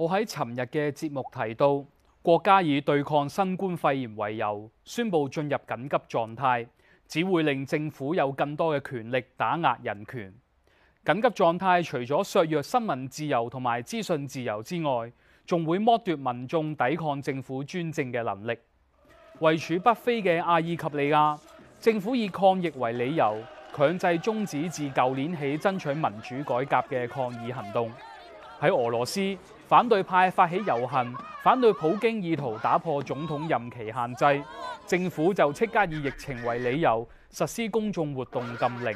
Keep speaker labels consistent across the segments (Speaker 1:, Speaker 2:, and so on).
Speaker 1: 我喺尋日嘅節目提到，國家以對抗新冠肺炎為由，宣布進入緊急狀態，只會令政府有更多嘅權力打壓人權。緊急狀態除咗削弱新聞自由同埋資訊自由之外，仲會剝奪民眾抵抗政府專政嘅能力。位處北非嘅阿爾及利亞，政府以抗疫為理由，強制中止自舊年起爭取民主改革嘅抗議行動。喺俄羅斯，反對派發起遊行，反對普京意圖打破總統任期限制，政府就即刻以疫情為理由實施公眾活動禁令。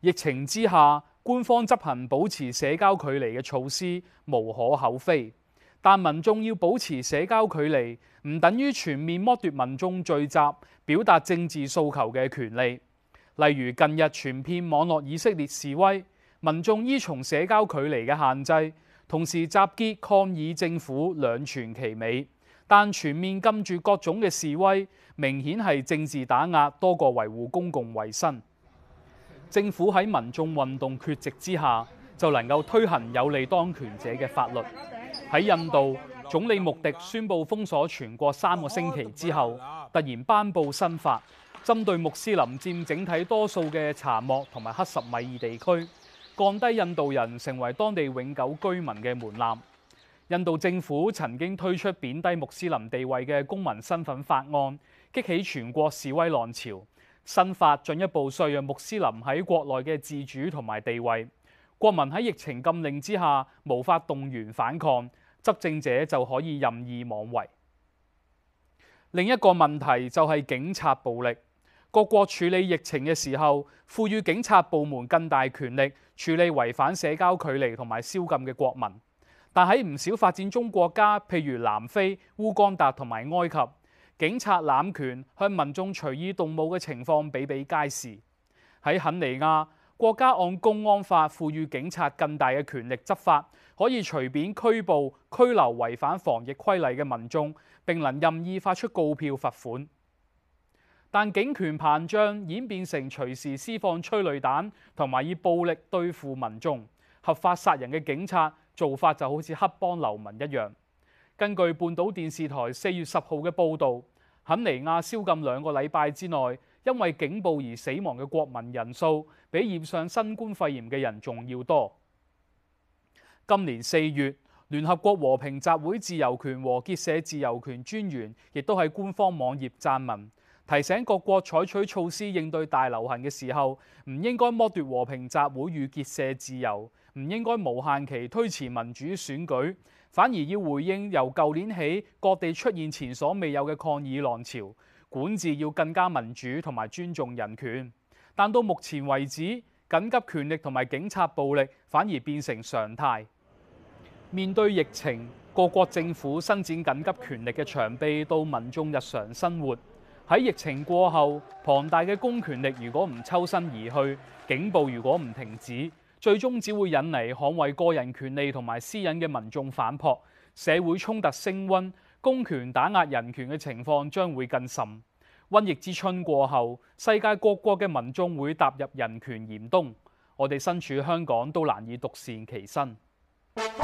Speaker 1: 疫情之下，官方執行保持社交距離嘅措施無可厚非，但民眾要保持社交距離唔等於全面剝奪民眾聚集、表達政治訴求嘅權利。例如近日傳遍網絡以色列示威。民眾依從社交距離嘅限制，同時集結抗議政府，兩全其美，但全面禁住各種嘅示威，明顯係政治打壓多過維護公共衛生。政府喺民眾運動缺席之下，就能夠推行有利當權者嘅法律。喺印度，總理穆迪宣布封鎖全國三個星期之後，突然頒布新法，針對穆斯林佔整體多數嘅查謨同埋克什米爾地區。降低印度人成為當地永久居民嘅門檻。印度政府曾經推出貶低穆斯林地位嘅公民身份法案，激起全國示威浪潮。新法進一步削弱穆斯林喺國內嘅自主同埋地位。國民喺疫情禁令之下無法動員反抗，執政者就可以任意妄為。另一個問題就係警察暴力。各國處理疫情嘅時候，賦予警察部門更大權力處理違反社交距離同埋宵禁嘅國民，但喺唔少發展中國家，譬如南非、烏干達同埋埃及，警察濫權向民眾隨意動武嘅情況比比皆是。喺肯尼亞，國家按公安法賦予警察更大嘅權力執法，可以隨便拘捕、拘留違反防疫規例嘅民眾，並能任意發出告票罰款。但警權膨脹演變成隨時施放催淚彈，同埋以暴力對付民眾合法殺人嘅警察做法，就好似黑幫流民一樣。根據半島電視台四月十號嘅報導，肯尼亞宵禁兩個禮拜之內，因為警暴而死亡嘅國民人數，比染上新冠肺炎嘅人仲要多。今年四月，聯合國和平集會自由權和結社自由權專員，亦都喺官方網頁撰文。提醒各國採取措施應對大流行嘅時候，唔應該剝奪和平集會與結社自由，唔應該無限期推遲民主選舉，反而要回應由舊年起各地出現前所未有嘅抗議浪潮，管治要更加民主同埋尊重人權。但到目前為止，緊急權力同埋警察暴力反而變成常態。面對疫情，各國政府伸展緊急權力嘅長臂，到民眾日常生活。喺疫情過後，龐大嘅公權力如果唔抽身而去，警暴如果唔停止，最終只會引嚟捍衞個人權利同埋私隱嘅民眾反撲，社會衝突升溫，公權打壓人權嘅情況將會更甚。瘟疫之春過後，世界各國嘅民眾會踏入人權嚴冬，我哋身處香港都難以獨善其身。